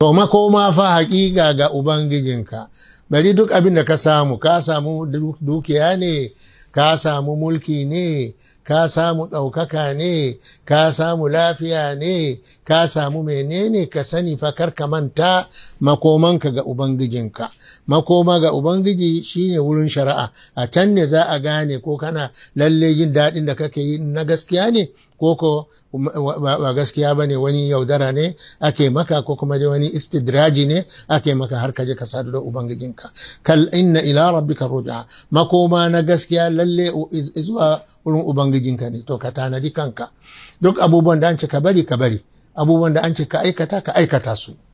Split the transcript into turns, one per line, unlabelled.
To makoma fa haƙiƙa ga Ubangijinka, bari duk abin da ka samu, ka samu dukiya ne, ka samu mulki ne, ka samu ɗaukaka ne ka samu lafiya ne ka samu menene ka sani fa kar ka manta makomanka ga ubangijinka makoma ga ubangiji shine wurin shari'a a can ne za a gane ko kana lalle jin daɗin da kake yi na gaskiya ne ko ko ba gaskiya ba ne wani yaudara ne ake maka ko kuma da wani istidraji ne ake maka har ka je ka sadu da ubangijinka kal inna ila rabbika ruj'a makoma na gaskiya lalle zuwa wurin ubangiji ka ne to ka tanadi kanka duk abubuwan da an ce ka bari ka bari abubuwan da an ce ka aikata ka aikata su